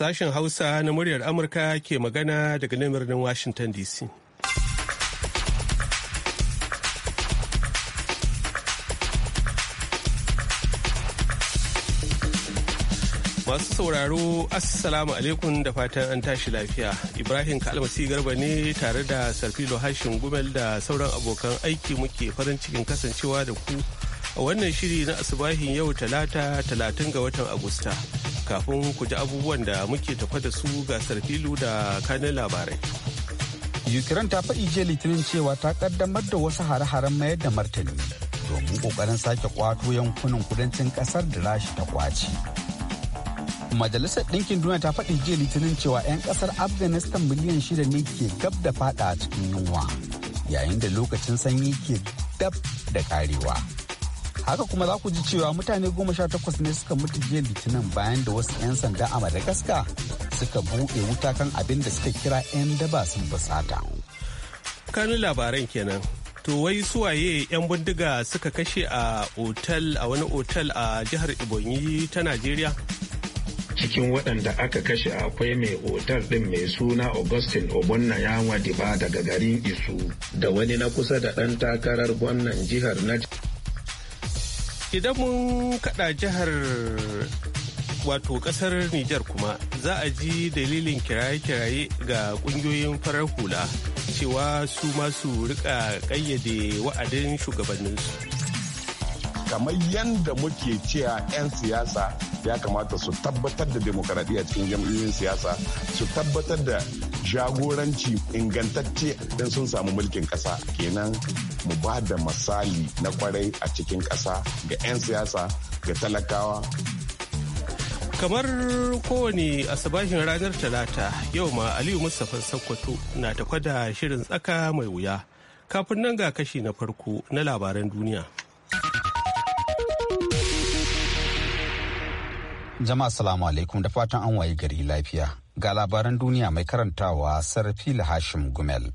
Sashen Hausa na muryar Amurka ke magana daga nan birnin Washington DC. Masu sauraro Assalamu alaikum da fatan an tashi lafiya. Ibrahim Kalmasi Garba ne tare da Sarfilo Hashin Gumel da sauran abokan aiki muke farin cikin kasancewa da ku a wannan shiri na asibahin yau talata talatin ga watan Agusta. kafin ku ji abubuwan da muke tafa da su ga filu da kanin labarai. Ukraine ta faɗi jiya litinin cewa ta kaddamar da wasu hare-haren mayar da martani domin ƙoƙarin sake kwato yankunan kudancin ƙasar da rashi ta kwaci. Majalisar Ɗinkin Duniya ta faɗi jiya litinin cewa 'yan ƙasar Afghanistan miliyan shida ne ke gab da faɗa a cikin yunwa yayin da lokacin sanyi ke gab da ƙarewa. haka kuma za ku ji cewa mutane goma sha takwas ne suka mutu jiya litinin bayan da wasu 'yan sanda a madagascar suka buɗe wuta kan abin da suka kira 'yan daba sun basata kanun labaran kenan to wai suwaye 'yan bindiga suka kashe a otal a wani otal a jihar ibonyi ta najeriya cikin waɗanda aka kashe akwai mai otal ɗin mai suna augustin obonna yawa diba daga garin isu da wani na kusa da ɗan takarar gwamnan jihar na idan mun kada jihar wato kasar Nijar kuma za a ji dalilin kiraye-kiraye ga kungiyoyin farar hula cewa su masu rika kayyade wa'adin shugabanninsu. kamar yadda muke cewa 'yan siyasa ya kamata su tabbatar da demokaradiyya cikin jam'iyyun siyasa su tabbatar da jagoranci ingantacce don sun samu mulkin ƙasa kenan mu ba da misali na kwarai a cikin ƙasa ga 'yan siyasa ga talakawa kamar kowane asabashin ranar talata yau ma aliyu mustapha sokoto na ta da shirin tsaka mai wuya kafin nan ga kashi na farko na labaran duniya jama'a salamu alaikum da fatan an waye gari lafiya Ga labaran duniya mai karantawa Sarfil Hashim Gumel.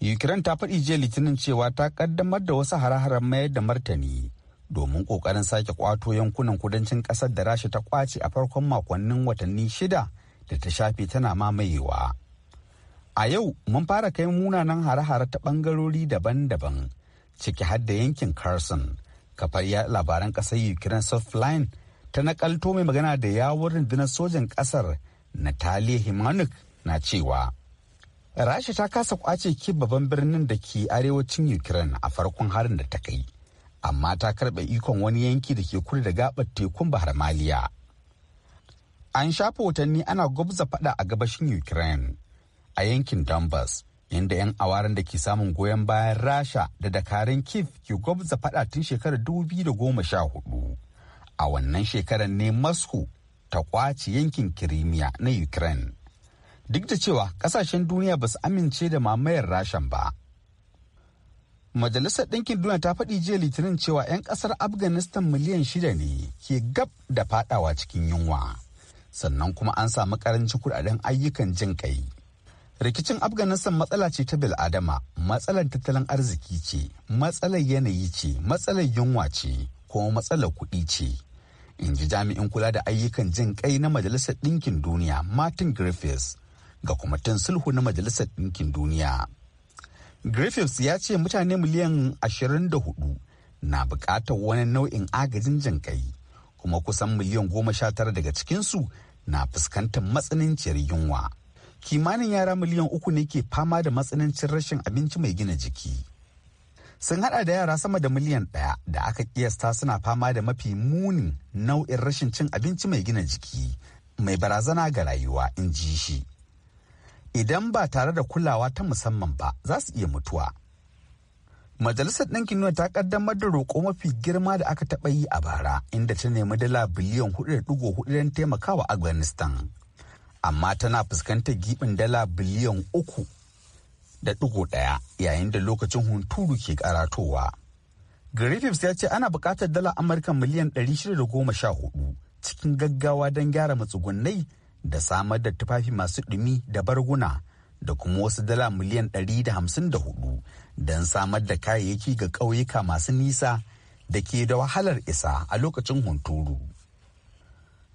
Ukraine ta faɗi jiya litinin cewa ta ƙaddamar da wasu hare-haren mayar da martani domin ƙoƙarin sake ƙwato yankunan kudancin ƙasar da rasha ta ƙwace a farkon makonnin watanni shida da ta shafe tana mamayewa. A yau mun fara kai munanan hare-hare ta ɓangarori daban-daban ciki har da yankin Carson, kafar labaran ƙasar Ukraine Softline ta nakalto mai magana da yawon rundunar sojan kasar Natalie Himanuk na cewa Rasha ta kasa kwace ki babban birnin da ke arewacin Ukraine a farkon harin da ta kai, amma ta karɓe ikon wani yanki da ke kudu da gabar tekun Bahar Maliya. An shafa watanni ana gwabza fada a gabashin Ukraine a yankin Donbass, inda 'yan awarin da ke samun goyon bayan Rasha da dakarun Kiev ke gwabza fada tun shekarar 2014. a wannan shekarar ne moscow ta kwace yankin kirimiya na ukraine duk da cewa kasashen duniya ba su amince da mamayar rashan ba majalisar ɗinkin duniya ta faɗi jiya litinin cewa 'yan ƙasar afghanistan miliyan shida ne ke gab da faɗawa cikin yunwa sannan kuma an samu ƙarancin kudaden ayyukan jin ƙai. rikicin afghanistan matsala ce ta bil'adama matsalar tattalin arziki ce matsalar yanayi ce matsalar yunwa ce kuma matsalar kuɗi ce in ji jami'in kula da ayyukan jin kai na majalisar ɗinkin duniya martin griffiths ga kwamitin sulhu na majalisar ɗinkin duniya griffiths ya ce mutane miliyan 24 na buƙatar wani nau'in agajin jin kai kuma kusan miliyan 19 daga cikinsu na fuskantar matsananciyar yunwa kimanin yara miliyan uku ne ke fama da matsanancin rashin abinci mai gina jiki sun hada da yara sama da miliyan ɗaya da aka kiyasta suna fama da mafi muni nau'in rashin cin abinci mai gina jiki mai barazana ga rayuwa in ji shi idan ba tare da kulawa ta musamman ba za su iya mutuwa majalisar ɗinkin nuna ta kaddamar da roƙo mafi girma da aka taɓa yi a bara inda ta nemi dala biliyan da 4.4 don taimakawa afghanistan amma tana fuskantar giɓin dala biliyan uku da ɗigo ɗaya yayin da lokacin hunturu ke karatowa. Griffiths ya ce ana buƙatar dala Amurka miliyan 614 cikin gaggawa don gyara matsugunai da samar da tufafi masu ɗumi da barguna da kuma wasu dala miliyan 154 don samar da kayayyaki ga ƙauyuka masu nisa da ke da wahalar isa a lokacin hunturu.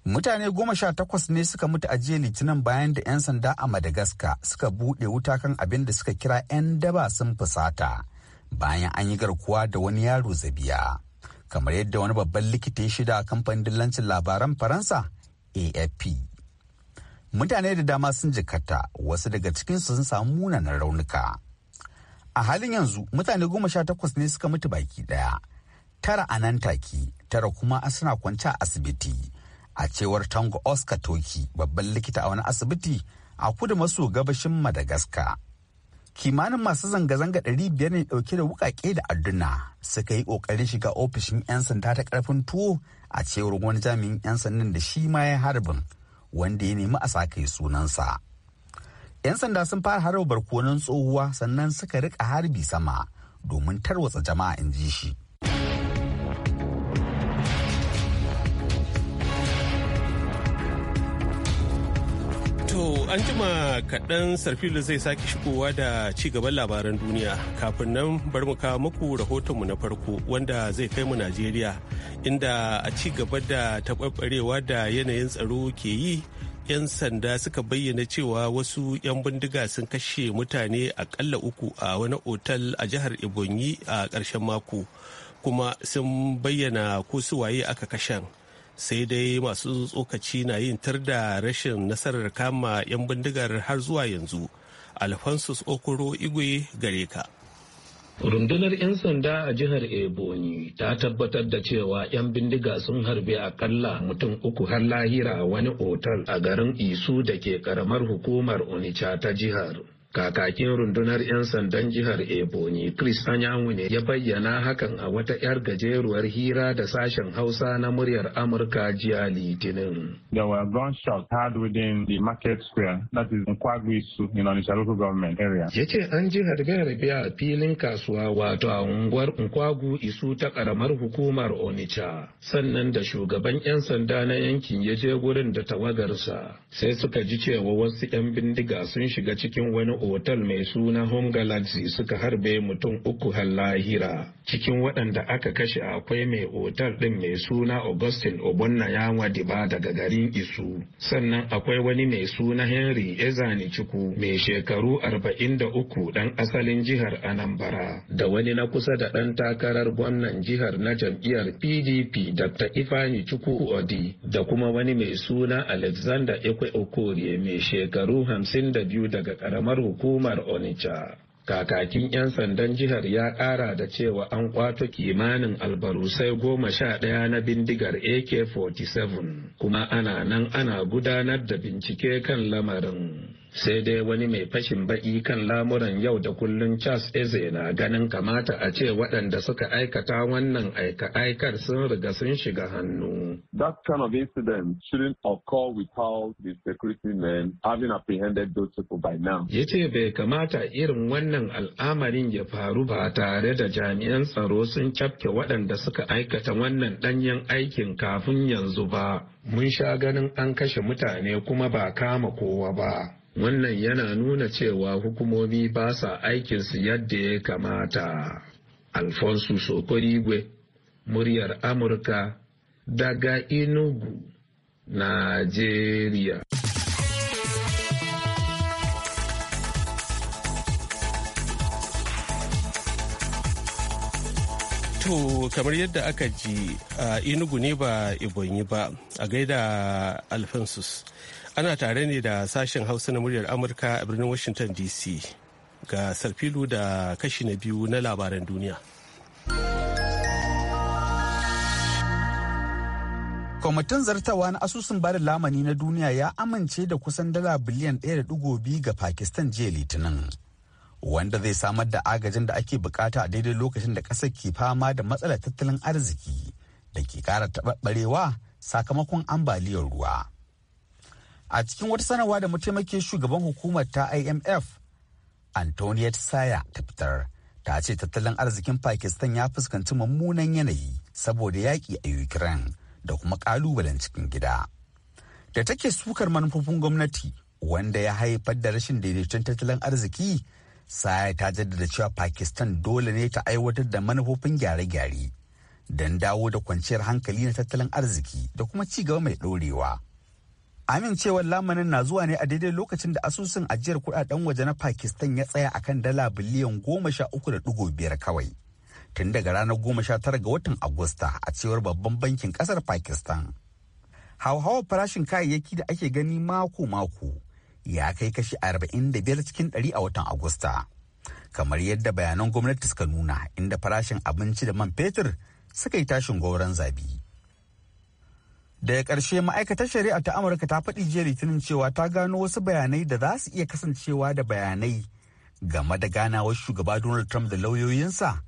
Mutane goma sha takwas ne suka mutu a jiya litinin bayan da 'yan sanda a Madagascar suka buɗe wuta kan abin da suka kira 'yan daba sun fusata bayan an yi garkuwa da wani yaro zabiya. Kamar yadda wani babban likita ya shida a kamfanin dillancin labaran Faransa AFP. Mutane da dama sun jikata wasu daga cikinsu sun samu munanan raunuka. A halin yanzu mutane goma sha takwas ne suka mutu baki ɗaya. Tara a nan take, tara kuma suna kwance a asibiti. a cewar tango oscar toki babban likita a wani asibiti a kudu maso gabashin madagascar kimanin masu zanga-zanga 500 ne dauke da wukake da adduna suka yi kokarin shiga ofishin 'yan sanda ta karfin tuwo a cewar wani jami'in 'yan sandan da shi ma ya harbin wanda ya nemi a sa sunansa 'yan sanda sun fara harba barkonon tsohuwa sannan suka rika harbi sama domin tarwatsa jama'a in ji shi an jima kaɗan sarfilu zai sake shigowa da ci gaban labaran duniya kafin nan bar mu kawo muku rahotonmu na farko wanda zai kai mu Najeriya inda a ci gaba da taɓarɓarewa da yanayin tsaro ke yi 'yan sanda suka bayyana cewa wasu 'yan bindiga sun kashe mutane aƙalla uku a wani otal a jihar Ebonyi a ƙarshen mako kuma sun bayyana ko su waye aka kashen. sai dai masu tsokaci na yin tar da rashin nasarar kama 'yan bindigar har zuwa yanzu alphonsus okoro igwe gare ka rundunar 'yan sanda a jihar ebonyi ta tabbatar da cewa 'yan bindiga sun harbe akalla mutum uku har lahira a wani otal a garin isu da ke karamar hukumar onitsha ta jihar Kakakin rundunar 'yan sandan jihar Ebonyi, Chris Anyanwu ne ya bayyana hakan a wata 'yar gajeruwar hira da sashen Hausa na muryar Amurka jiya Litinin. There were gunshots heard within the market square, that is kwagwisu in Onitsha local government area. Ya ce an ji harbe-harbe a filin kasuwa wato a unguwar Nkwagu Isu ta karamar hukumar Onitsha. Sannan da shugaban 'yan sanda na yankin ya je gurin da tawagarsa. Sai suka ji cewa wasu 'yan bindiga sun shiga cikin wani otal mai suna home galaxy suka harbe mutum uku har lahira cikin waɗanda aka kashe akwai mai otal ɗin mai suna augustin obonna yawa diba daga garin isu sannan akwai wani mai suna henry ezani ciku mai shekaru arba'in da uku ɗan asalin jihar anambra da wani na kusa da ɗan takarar gwamnan jihar na jam'iyyar pdp dr ifani ciku odi da kuma wani mai suna alexander ekwe okorie mai shekaru hamsin da biyu daga ƙaramar hukumar onitsha kakakin 'yan sandan jihar ya kara da cewa an kwato kimanin albarusai goma sha ɗaya na bindigar ak-47 kuma ana nan ana gudanar da bincike kan lamarin sai dai wani mai fashin baki kan lamuran yau da kullun charles eze na ganin kamata a ce waɗanda suka aikata wannan aika-aikar sun riga sun shiga hannu that kind of incident shouldn't occur without the security men having apprehended those people by now ce bai kamata irin wannan al'amarin ya faru ba tare da jami'an tsaro sun cafke waɗanda suka aikata wannan ɗanyen aikin kafin yanzu ba mun sha ganin an kashe mutane kuma ba kama kowa ba wannan yana nuna cewa hukumomi ba sa aikinsu yadda ya kamata alfonso sokorigwe muryar amurka daga inugu Nigeria. To kamar yadda aka ji a inugu ne ba ibonyi ba a gaida alfonsus ana tare ne da sashen hausa na muryar amurka a birnin washington dc ga sarfilu da kashi na biyu na labaran duniya kwamitin zartawa na asusun bada lamani na duniya ya amince da kusan dala biliyan 1.2 ga pakistan jiya litinin wanda zai samar da agajin da ake bukata a daidai lokacin da kasar ke fama da matsalar tattalin arziki da ke kara taɓarɓarewa sakamakon ambaliyar ruwa a cikin wata sanarwa da mataimakin shugaban hukumar ta imf antonio tsaya ta fitar ta ce tattalin arzikin pakistan ya fuskanci mummunan yanayi saboda yaƙi a ukraine da kuma ƙalubalen cikin gida da take sukar manufofin gwamnati wanda ya haifar da rashin daidaiton tattalin arziki saya ta jaddada cewa pakistan dole ne ta aiwatar da manufofin gyare-gyare don dawo da kwanciyar hankali na tattalin arziki da kuma ci gaba mai ɗorewa. Amincewar lamanin na zuwa ne a daidai lokacin da asusun ajiyar kudaden waje na Pakistan ya tsaya akan dala biliyan goma sha uku da digo biyar kawai. Tun daga ranar goma sha tara ga watan Agusta a cewar babban bankin kasar Pakistan. Hauhawar farashin kayayyaki da ake gani mako-mako ya kai kashi arba'in da biyar cikin ɗari a watan Agusta. Kamar yadda bayanan gwamnati suka nuna inda farashin abinci da man fetur suka yi tashin gwauron zabi. daga ƙarshe ma'aikatar shari'a ta amurka ta faɗi jiya litinin cewa ta gano wasu bayanai da za su iya kasancewa da bayanai game da ganawar shugaba donald trump da lauyoyinsa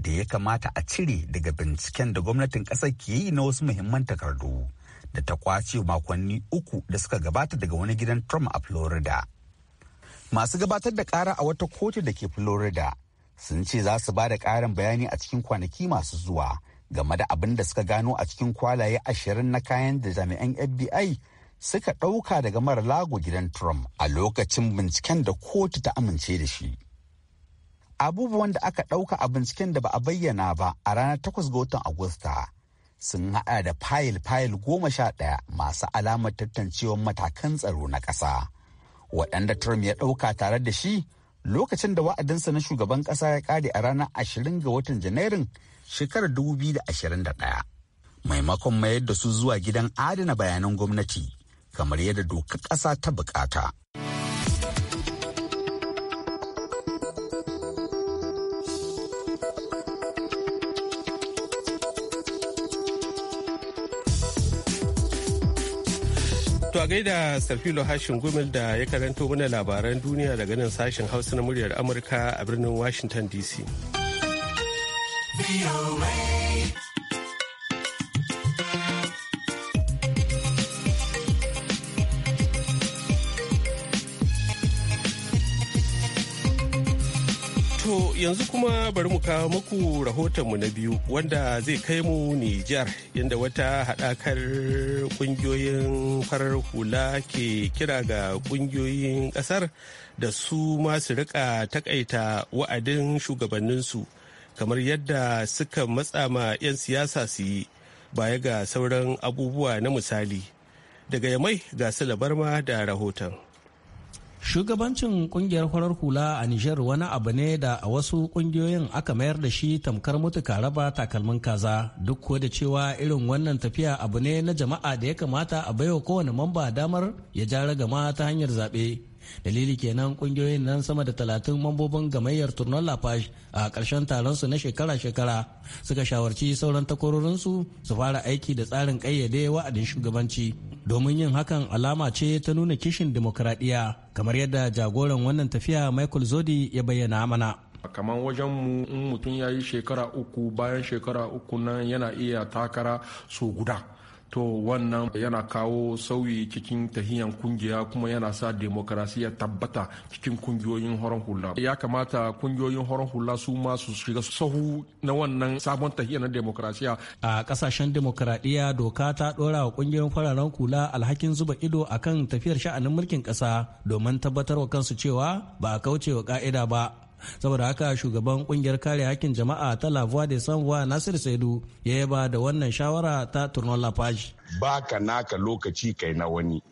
da ya kamata a cire daga binciken da gwamnatin ƙasar ke yi na wasu muhimman takardu da ta kwace makonni uku da suka gabata daga wani gidan trump a florida masu gabatar da ƙara a wata kotu da ke florida sun ce za su ba da ƙarin bayani a cikin kwanaki masu zuwa game da abin da suka gano a cikin kwalaye ashirin na kayan da jami'an FBI suka ɗauka daga mara lago gidan Trump a lokacin binciken da kotu ta amince da shi. Abubuwan da aka ɗauka a binciken da ba a bayyana ba a ranar 8 ga watan Agusta sun haɗa da fayil-fayil goma sha ɗaya masu alamar tantancewar matakan tsaro na ƙasa. Waɗanda Trump ya ɗauka tare da shi lokacin da wa'adinsa na shugaban ƙasa ya ƙare a ranar 20 ga watan Janairun shekarar 2021 maimakon mayar da su zuwa gidan adana bayanan gwamnati kamar yadda dokar ƙasa ta bukata. To a gaida Sarfilo Hashin Gumil da ya karanto mana labaran duniya daga nan sashen Hausa na muryar Amurka a birnin Washington DC. To yanzu kuma bari mu kawo muku rahotonmu na biyu wanda zai kai mu Nijar inda wata haɗakar ƙungiyoyin farar hula ke kira ga ƙungiyoyin ƙasar da su masu riƙa takaita wa'adin shugabanninsu. kamar yadda suka matsa ma 'yan siyasa su yi baya ga sauran abubuwa na misali daga yamai ga barma da rahoton shugabancin kungiyar farar hula a niger wani abu ne da a wasu kungiyoyin aka mayar da shi tamkar mutuka raba takalmin kaza duk ko da cewa irin wannan tafiya abu ne na jama'a da ya kamata a baiwa kowane mamba damar ya ja ragama ta hanyar zaɓe dalili kenan kungiyoyin nan sama da talatin mambobin gamayyar turnon lafash a ƙarshen taron su na shekara-shekara suka shawarci sauran takwarorinsu su su fara aiki da tsarin ƙayyade wa'adin shugabanci domin yin hakan alama ce ta nuna kishin dimokuraɗiyya kamar yadda jagoran wannan tafiya michael zodi ya bayyana mana kamar wajen mu in mutum ya yi shekara uku bayan shekara uku nan yana iya takara so guda to wannan yana kawo sauyi cikin tahiyan kungiya kuma yana sa demokarasiya tabbata cikin kungiyoyin horon hula ya kamata kungiyoyin horon hula su ma su shiga sahu na wannan sabon tahiya na demokarasiya a kasashen demokaradiyya doka ta dora wa kungiyoyin fararen kula alhakin zuba ido akan tafiyar sha'anin mulkin kasa domin tabbatar wa kansu cewa ba a kauce wa ka'ida ba saboda haka shugaban kungiyar kare hakkin jama'a ta la voix sans voix nasir saidu ya yaba da wannan shawara ta tournon la page baka naka lokaci kai na wani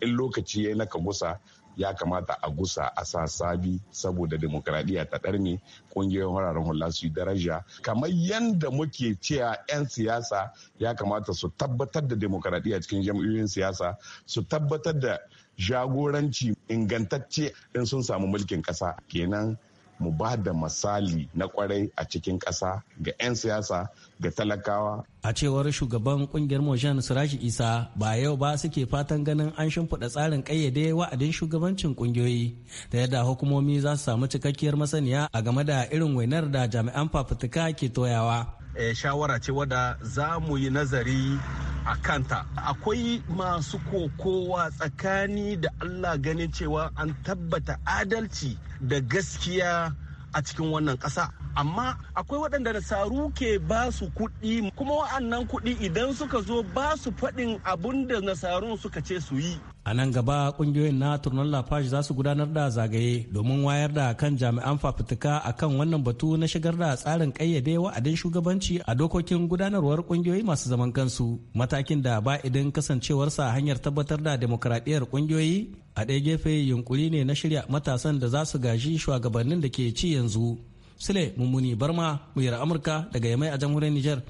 in lokaci ya naka gusa ya kamata a gusa a sa sabi saboda demokradiyya ta ɗarme ƙungiyoyin wararen hula su daraja kamar yadda muke cewa 'yan siyasa ya kamata su tabbatar da demokradiyya cikin jam'iyyun siyasa su tabbatar da jagoranci ingantacce in sun samu mulkin ƙasa kenan mu ba da misali na kwarai a cikin ƙasa ga 'yan siyasa ga talakawa. A cewar shugaban kungiyar Mojan Siraji Isa ba yau ba suke fatan ganin an shimfiɗa tsarin ƙayyade wa'adin shugabancin kungiyoyi da yadda hukumomi za su samu cikakkiyar masaniya a game da irin wainar da jami'an fafutuka ke toyawa. Eh, shawara ce wadda za mu yi nazari a kanta akwai masu kokowa tsakani da allah ganin cewa an tabbata adalci da gaskiya a cikin wannan ƙasa amma akwai waɗanda da saru ke ba su kuɗi kuma wa'annan kuɗi idan suka zo ba su faɗin abun da nasarun suka ce su yi a nan gaba kungiyoyin na turnon lafash za su gudanar da zagaye domin wayar da kan jami'an fafutuka a kan wannan batu na shigar da tsarin kayyade wa'adin shugabanci a dokokin gudanarwar kungiyoyi masu zaman kansu matakin da ba idan kasancewarsa hanyar tabbatar da demokradiyyar kungiyoyi a ɗaya gefe yunkuri ne na shirya matasan da za su gaji shugabannin da ke ci yanzu sule mummuni barma muyar amurka daga yamai a jamhuriyar niger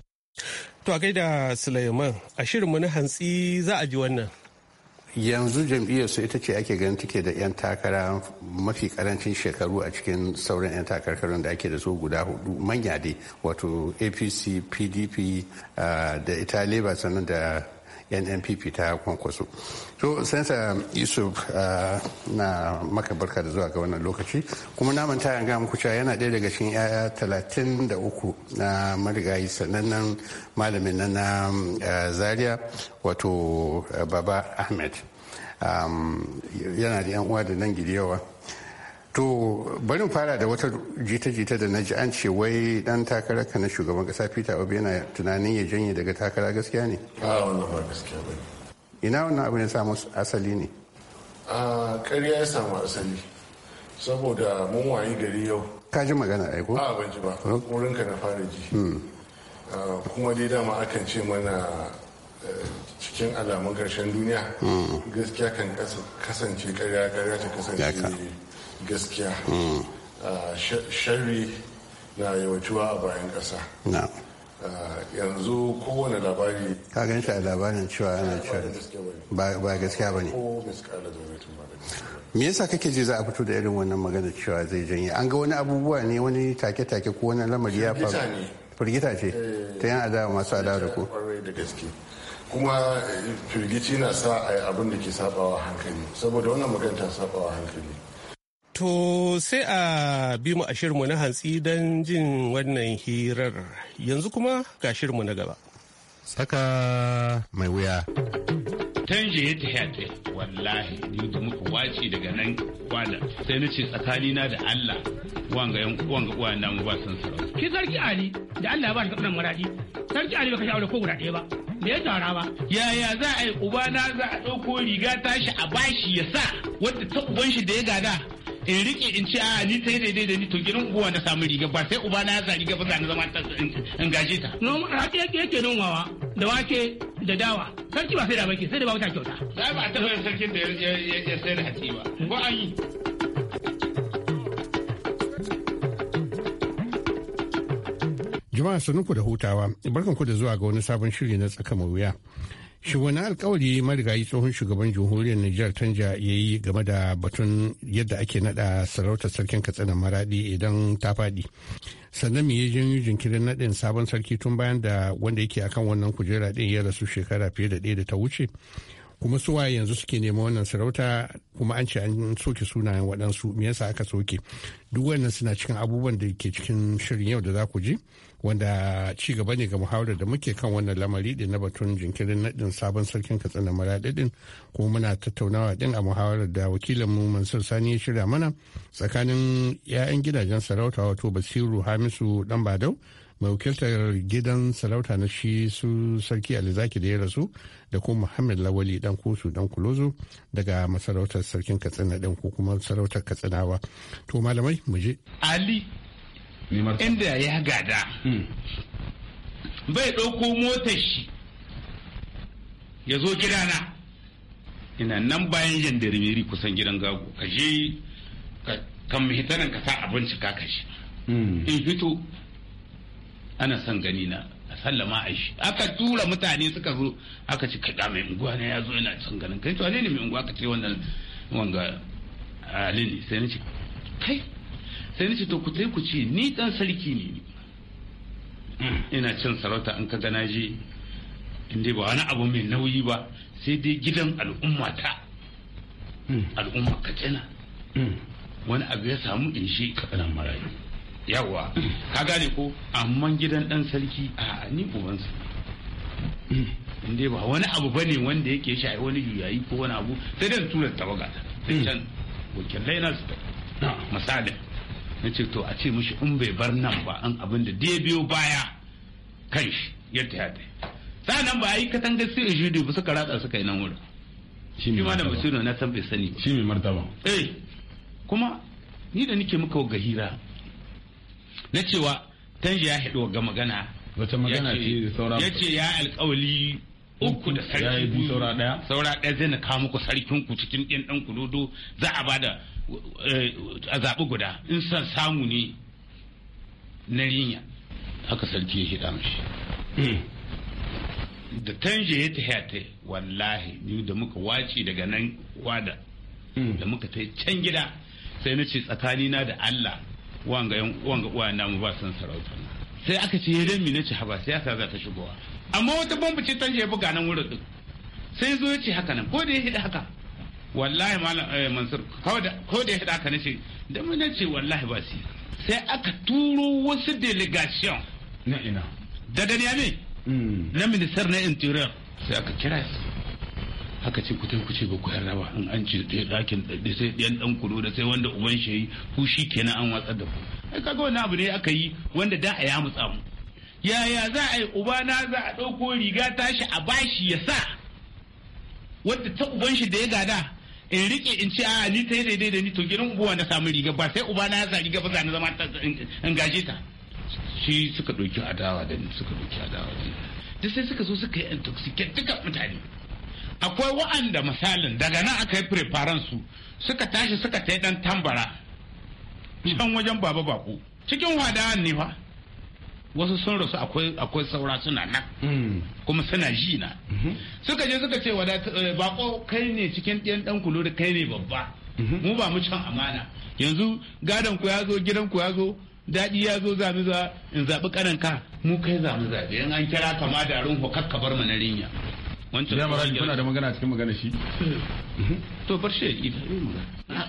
to a gaida suleiman a shirinmu na hantsi za a ji wannan yanzu jam'iyyar su ita ce ake ganin take da 'yan takara mafi karancin shekaru a cikin sauran 'yan takarkarun da ake da su guda hudu manya dai wato apc pdp ah, da ita labour sannan da nnpp ta kwankwaso to sansa yusuf ah, na maka barka da zuwa ga wannan lokaci kuma namun tayan yanga muku cewa yana ɗaya daga cikin yaya talatin da uku na marigayi sanannen malamin na na ah, zaria wato ah, baba ahmed yana da yan uwa da nan gidi yawa To bari fara da wata jita-jita da na ji an ce wai dan takarar ka na shugaban kasa Peter Obi yana tunanin ya janye daga takara gaskiya ne? A wannan ba gaskiya ba Ina wannan abin ya samu asali ne? A ƙarya ya samu asali saboda mun wayi gari yau. Ka ji magana aiko? A ban ji ba. Wurin ka na fara ji. Hmm. Kuma dai dama akan ce mana eh, cikin alamun karshen duniya hmm. gaskiya kan kasance ƙarya ƙarya ta kasance gaskiya mm. ah, shari na yawancuwa a bayan ƙasa ah, yanzu kowane labari ka gan shi a labarin cewa ana cewa ba gaskiya ba ne me yasa kake ji za a fito da irin wannan magana cewa zai janye an ga wani abubuwa ne wani take-take ko wani lamari ya faru firgita ce eh. ta yan adawa masu adawa da ku kuma eh, firgici na sa a yi abin da ke sabawa hankali saboda wannan magana ta sabawa hankali To sai a bi mu a shirinmu na hantsi don jin wannan hirar yanzu kuma ga shirinmu na gaba. Saka mai wuya. Tanji ya ta wallahi ni da muka waci daga nan kwana sai na ce tsakanina da Allah wanga yan wanga uwa na mu ba san sa. Ki sarki Ali da Allah ba da kaɗan maradi. Sarki Ali baka sha aure ko guda ɗaya ba. Me ya tara ba. Yaya za a yi na za a ɗauko riga tashi a bashi ya sa wadda ta uban shi da ya gada in rike in ce a ni sai daidai da ni to gidan uwa na samu riga ba sai uba na ya riga ba za na zama ta in gaje ta noma haka yake yake wawa da wake da dawa sarki ba sai da bake sai da ba wuta kyauta sai ba ta fara sarkin da ya sai da hatsi ba ko an yi Jama'a sanuku da hutawa, barkanku da zuwa ga wani sabon shiri na tsaka wuya. shi alkawari marigayi tsohon shugaban jamhuriyar niger tanja ya yi game da batun yadda ake nada sarautar sarkin katsina maradi idan ta faɗi sannan mai ya janyo jinkirin nadin sabon sarki tun bayan da wanda yake akan wannan kujera din ya rasu shekara fiye da ɗaya da ta wuce kuma suwa yanzu suke neman wannan sarauta kuma an ce an soke sunayen waɗansu me yasa aka soke duk wannan suna cikin abubuwan da ke cikin shirin yau da za ku je. wanda ci gaba ne ga muhawarar da muke kan wannan lamari din na batun jinkirin naɗin sabon sarkin katsina maraɗaɗin ko muna tattaunawa din a muhawarar da wakilin mu mansur sani ya shirya mana tsakanin 'ya'yan gidajen sarauta wato basiru hamisu dan badau mai wakiltar gidan sarauta na shi su sarki alizaki da ya rasu da kuma muhammad lawali dan kusu dan kulozo daga masarautar sarkin katsina din ko kuma sarautar katsinawa to malamai mu je ali inda ya gada hmm. bai ɗauko motar shi ya zo gidana ina nan bayan jandarmeri kusan gidan gago ka je kan hitanan ka sa abinci ka kashi hmm. in fito ana son gani na a sallama a shi aka tura mutane suka zo aka ci kaɗa mai unguwa ne ya zo yana son ganin kai to ne mai unguwa aka ce wannan wanga alini sai na ce kai sai nace to ku ku ce ni dan sarki ne hmm. ina cin sarauta an ka na je in dai ba wani abu mai nauyi ba sai dai gidan hmm. al'umma ta al'umma tsina hmm. wani abu ya samu in shi katsinan marayu yawa ka gane ko amma gidan dan sarki a ni ubansa in dai ba wani abu bane wanda yake shi wani yuyayi ko wani abu sai dai tura tawaga ta can wakilai na su misali na ce to a ce mishi in bai bar nan ba an abin da ya biyo baya kan shi ya sa nan ba a yi katangar a jude ba suka ratsa suka yi nan wurin shi ma da basiru na san bai sani shi mai martaba eh kuma ni da nake muka ga hira na cewa tanji ya haɗu ga magana wata magana ce saura ya ce ya alƙawali uku da sarki ya yi saura ɗaya saura ɗaya zai na kawo muku sarkin ku cikin ɗin ɗan ku dodo za a bada a zaɓi guda in san samu ne na rinya haka sarki ya hida mashi hmm. da tanje ya ta ta wallahi ni da muka waci daga nan wada hmm. da muka ta can gida sai na ce tsakanina da Allah wanga wanga uwa mu ba san sarauta sai aka ce ya rami na ci haba sai aka za ta shigowa amma wata bambace tanje ya buga nan wurin din sai zo ya ce haka nan ko da ya hida haka wallahi malam eh, mansur ko da ya haɗa ka nace da mun nace wallahi ba su sai aka turo wasu delegation na ina Da da ne. Hmm. na minister na interior sai aka kira su haka ce kutai kuce ba ku yarda ba in an ce ɗaya ɗakin da sai ɗayan ɗan kudu da sai wanda uban shi yi ku shi kenan an watsar da ku ai kaga wannan abu ne aka yi wanda da a ya mutsa mu yaya za a yi ubana za a ɗauko riga tashi a bashi ya sa wadda ta uban shi da ya gada in rike in ce a ni ta yi daidai da ni to gidan uwa na samu riga ba sai uba na ya sa riga ba za na zama in gaje ta shi suka ɗauki adawa da ni suka ɗauki adawa da ni da sai suka zo suka yi intoxicate duka mutane akwai wa'anda misalin daga nan aka yi preparan su suka tashi suka ta yi dan tambara can wajen baba bako cikin wadawan ne fa wasu sun rasu akwai saura suna nan hmm. kuma suna ji na hmm. suka je suka ce wada eh, bako kai ne cikin ɗan ɗan kuluri kai ne babba hmm. mu ba mu can amana yanzu gadon ku ya zo gidan ku ya zo daɗi ya zo zami za in zaɓi ƙaranka mu kai zamu zaɓi in an kira kama da rin hukar ka bar mana rinya wancan ya mara kuna da magana cikin magana shi eh. to bar shi yi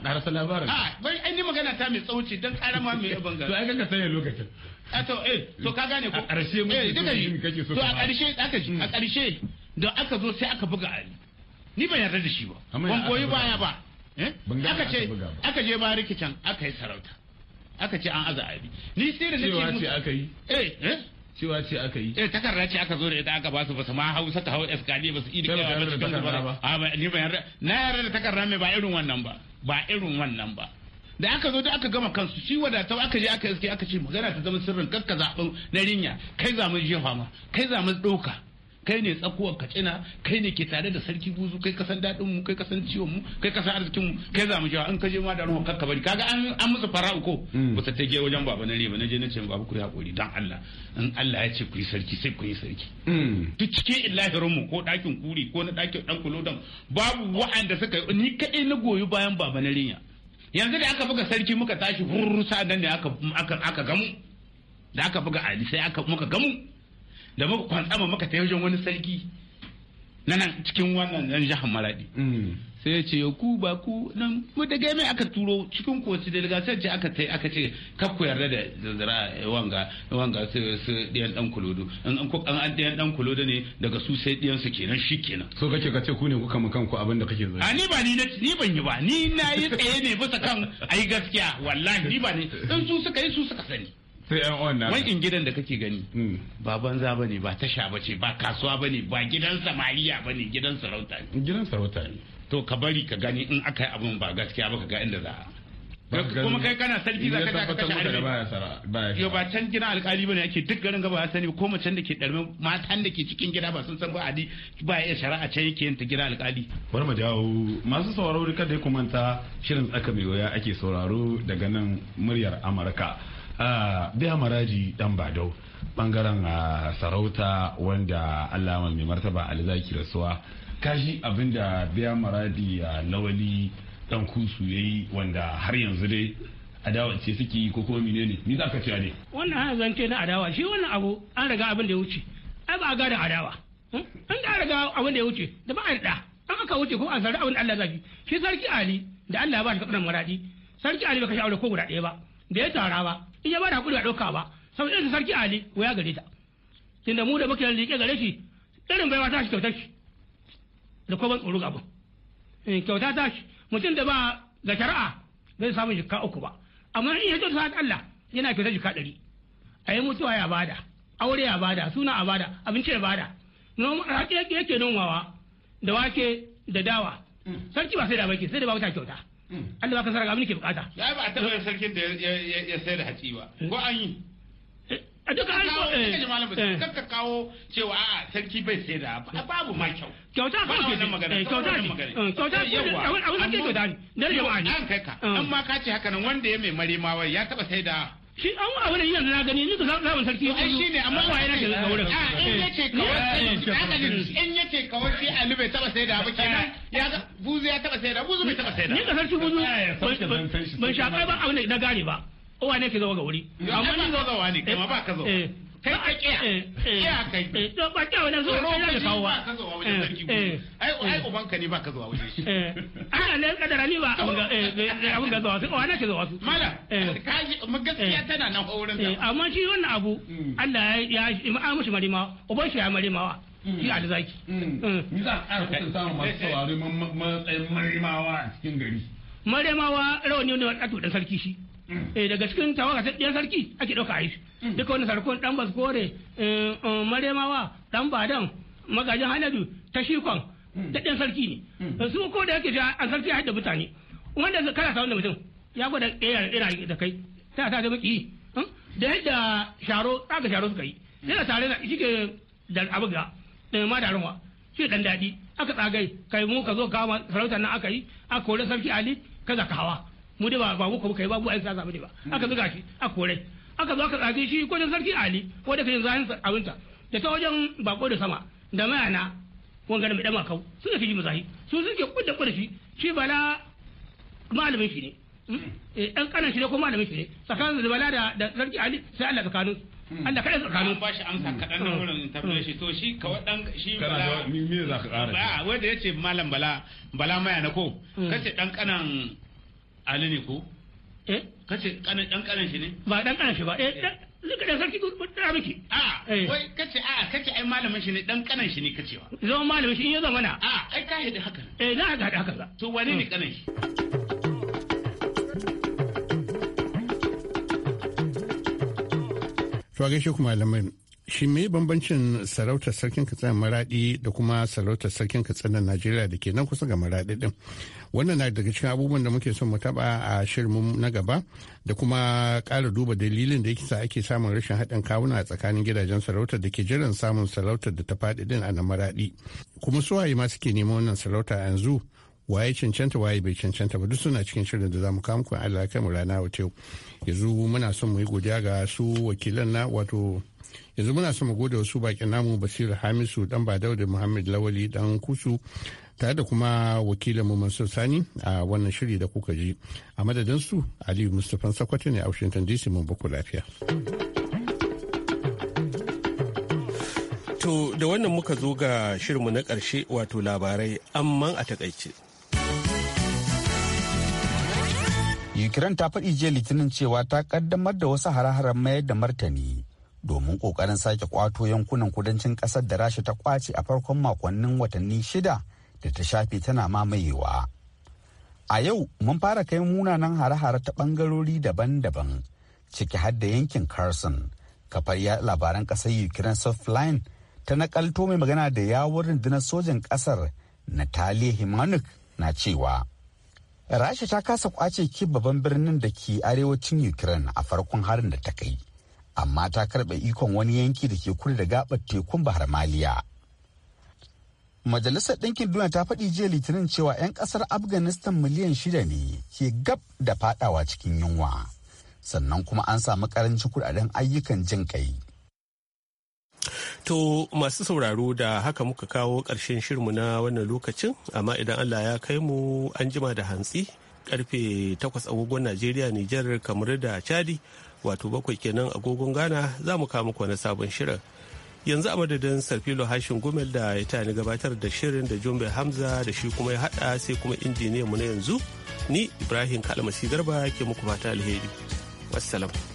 da rasa labarin a ah, bai ai ni magana ta mai tsauci dan karama mai banga. to ai kanka sanya lokacin a ah, to eh to ka gane ko a ƙarshe mun eh, kake so to a ƙarshe aka ji a hmm. ƙarshe da aka zo sai aka buga ali ni ban yarda da shi ba ban koyi baya ba eh? aka ce aka je ba rikicin aka yi sarauta aka ce an aza abi ni sai ne nake musu aka yi eh eh cewa ce aka yi eh takarda ce aka zo da ita aka ba su ba su ma hausa ka hau eskali ba su idi kai ba cikin ba ba ah, ni na yarda da takarda mai ba irin wannan ba ba irin wannan ba da aka zo da aka gama kansu shi wadatau aka je aka iske aka ce magana ta zama sirrin kakka zaɓin na rinya kai za mu jefa ma kai za mu ɗauka kai ne tsakuwar kacina kai ne ke tare da sarki buzu kai kasan daɗin mu kai kasan ciwon mu kai kasan arzikin mu kai za mu jawa an kaje ma da ruwan kakka bari kaga an musu fara'u ko hmm. ba ta tage wajen baba na riba na je na ce baba ku hakuri dan Allah in Allah ya ce ku yi sarki sai ku yi sarki hmm. duk cikin illahirin mu ko ɗakin kuri ko na ɗakin ɗan kulodan babu wa'anda suka yi ni kaɗai na goyi bayan baba na rinya yanzu da aka buga sarki muka tashi hurru sa'an nan ne aka gamu da aka buga ali sai aka muka gamu da muka kwantsama maka ta wajen wani sarki na nan cikin wannan nan jihar maradi mm. sai ya ce ku ba ku nan mu da game aka turo cikin koci delegation ce aka tai aka ce kar ku yarda da zazzara eh, wanga wanga su su diyan dan kulodo in an an an diyan dan kulodo ne daga su sai diyan su kenan shi kenan so kake ka ce ku ne kuka kama kan abin da kake zai a ni ba ni ni ban yi ba ni na yi tsaye ne bisa kan ai gaskiya wallahi ni ba ni in su suka yi su suka sani wani in gidan da kake gani hmm. ba banza bane ba tasha bace ba kasuwa bane ba gidan samariya bane gidan sarauta ne gidan sarauta ne to ka bari ka gani in aka yi abun ba gaskiya ba ka ga inda za a kuma kai kana sarki za ka ka kashe alƙali yo ba can gidan alƙali bane ake duk garin gaba ya sani ko macen da ke ɗarmin matan da ke cikin gida ba sun san ba adi ba ya shari'a can yake yin ta gidan alƙali bari mu dawo masu sauraro kada ya kumanta shirin tsaka mai wuya ake sauraro daga nan muryar Amurka biya maraji dan badau bangaren sarauta wanda allah mai martaba alizaki rasuwa kashi abinda biya maradi a lawali dan kusu yi wanda har yanzu dai adawa ce suke yi ko kuma menene ni za ka ci ne wannan hana zance na adawa shi wannan abu an riga abin da ya wuce ai ba a gada adawa hmm? an da riga abin da ya wuce da ba a da an aka wuce ko an sarri abin Allah zaki shi sarki Ali da Allah ya ba shi kadan maradi sarki Ali ba ka aure ko guda ɗaya ba da ya tara ba in ya da hakuri ba ɗauka ba saboda irin sarki ali ya gare ta tunda mu da muke liƙe gare shi irin baiwa ta shi kyautar shi da kuma tsoro ga abin eh, kyauta ta shi mutum da ba ga shari'a bai samu jikka uku ba amma in ya kyauta ta Allah yana kyauta jikka ɗari a yi mutuwa ya bada aure ya bada suna a bada abinci ya bada noma haƙi yake nomawa da wake da dawa mm. sarki ba sai da baki sai da ba kyauta Mm. Allah baka saraka abin ke bukata ya ba a taba sarkin da ya sai da hatsi ba ko an yi eh, a duka an so eh, eh. ka kawo cewa a'a sarki bai sai da babu ma kyau kyauta ko ke eh, kyauta kyauta a wani kyauta ne da jama'a ne an kai ka an ma ka ce haka nan wanda ya mai mare ma wai ya taba sai da shi an wa abin yanzu na gani ni ka zaɓin sarki ya shi ne amma waye na shiga wurin eh, a ah, in yace kawai eh, eh, in yace kawai shi Ali bai taba sai da abu kenan ya buzu ya taba sai da buzu bai taba sai da ni ka sarki buzu ban shakai ba abin da gane ba wa ke zo ga wuri amma ni zo ga wani kuma ba ka zo kai ka kiya eh, eh, kiya kai eh, to ba kyau da so ka sauwa ka zuwa wajen sarki ai ai uban ka ne ba ka zuwa wajen shi ana ne kadara ni ba abun ga zuwa sai wani ke zuwa su mala ka ji gaskiya tana nan wurin ta amma shi wannan abu mm. Allah ya ya ma'amushi marima uban shi ya marimawa mm. shi a da zaki. Mm. Ni za a ƙara kusanta masu saurari matsayin marimawa a cikin gari. Marimawa rauni ne wa ɗato da sarki shi. eh daga cikin tawaga ta ɗiyar sarki ake ɗauka a yi mm. duka wani sarkon ɗan baskore eh, eh, maremawa ɗan badan magajin hanadu ta shikon ɗan mm. sarki ne mm. eh, su ko da yake a sarki ya haɗa mutane wanda kana sa wanda mutum ya gwada ɗaya ira da kai ta sa da yi hmm? da yadda sharo tsaga sharo suka yi sai da tare da shi ke da abuga da ma da ruwa shi dan daɗi aka tsagai kai mu ka zo kama sarauta nan aka yi aka kore sarki ali kaza ka hawa mu dai ba ba muku muka yi ba mu ai siyasa ba aka zuga shi a kore aka zo aka tsage shi ko da sarki ali ko da kai zahin abinta da ta wajen bako da sama da mayana wanga da mai dama kau suka kiji mazahi su suke kudda kudda shi shi bala malamin shi ne eh, ɗan kanan shi ne ko malamin shi ne tsakanin da bala da sarki ali sai Allah tsakanin hmm. Allah kada tsakanin ba shi amsa kaɗan nan wurin tabbatar shi to shi ka waɗan shi bala me za ka ƙara ba wanda yace malam bala bala maya na ko hmm. kace ɗan kanan ali ne ko eh kace kanan dan kanan shi ne ba dan kanan shi ba eh zika eh. da sarki da miki a eh. wai kace a kace ai malamin shi ne dan kanan shi ne kace wa zama malamin shi in ya zama na a ai ka hada haka eh na hada haka za to wane ne hmm. kanan shi to gaishe ku malamai shi me bambancin sarautar sarkin katsina maradi da kuma sarautar sarkin katsina najeriya da ke nan kusa ga maradi din wannan na daga cikin abubuwan da muke son mu taba a shirin na gaba da kuma ƙara duba dalilin da yake sa ake samun rashin haɗin kawuna a tsakanin gidajen sarautar da ke jiran samun sarautar da ta faɗi din a na maraɗi kuma su waye ma suke neman wannan sarauta yanzu waye cancanta waye bai cancanta ba duk suna cikin shirin da za mu kawo muku Allah kai mu rana wata yau yanzu muna son mu yi godiya ga su wakilan na wato yanzu muna sama gode wasu bakin namu basiru hamisu dan ba da muhammad lawali dan kusu tare da kuma wakilin mu mansur sani a wannan shiri da kuka ji a madadin su aliyu mustapha sakwato ne a washington dc mun baku lafiya to da wannan muka zo ga shirinmu na karshe wato labarai amma a takaice Ukraine ta faɗi jiya litinin cewa ta kaddamar da wasu hare-haren mayar da martani domin kokarin sake kwato yankunan kudancin kasar da rasha ta kwace a farkon makonnin watanni shida da ta shafe tana mamayewa a yau mun fara kai munanan hare-hare ta bangarori daban-daban ciki har da yankin carson kafar ya labaran kasar ukraine softline ta nakalto mai magana da yawon rundunar sojan kasar natalia himanuk na cewa rasha ta kasa kwace babban birnin da ke arewacin ukraine a farkon harin da ta kai amma ta karɓe ikon wani yanki da ke kudu da gabar tekun bahar maliya majalisar ɗinkin duniya ta faɗi jiya litinin cewa 'yan ƙasar afghanistan miliyan shida ne ke gab da fadawa cikin yunwa sannan kuma an samu ƙarancin kudaden ayyukan jin kai To masu sauraro da haka muka kawo ƙarshen shirmu na wannan lokacin, amma idan Allah ya kai mu an jima da hantsi karfe 8 agogon Najeriya, Nijar, kamar da Chadi. wato bakwai kenan agogon ghana za mu kawo muku sabon shirin yanzu a madadin sarfilo hashin gumel da ya ta' ni gabatar da shirin da jumbe hamza da shi kuma ya hada sai kuma injiniyan mu na yanzu ni ibrahim kalmasi garba ke muku fata alheri wassalam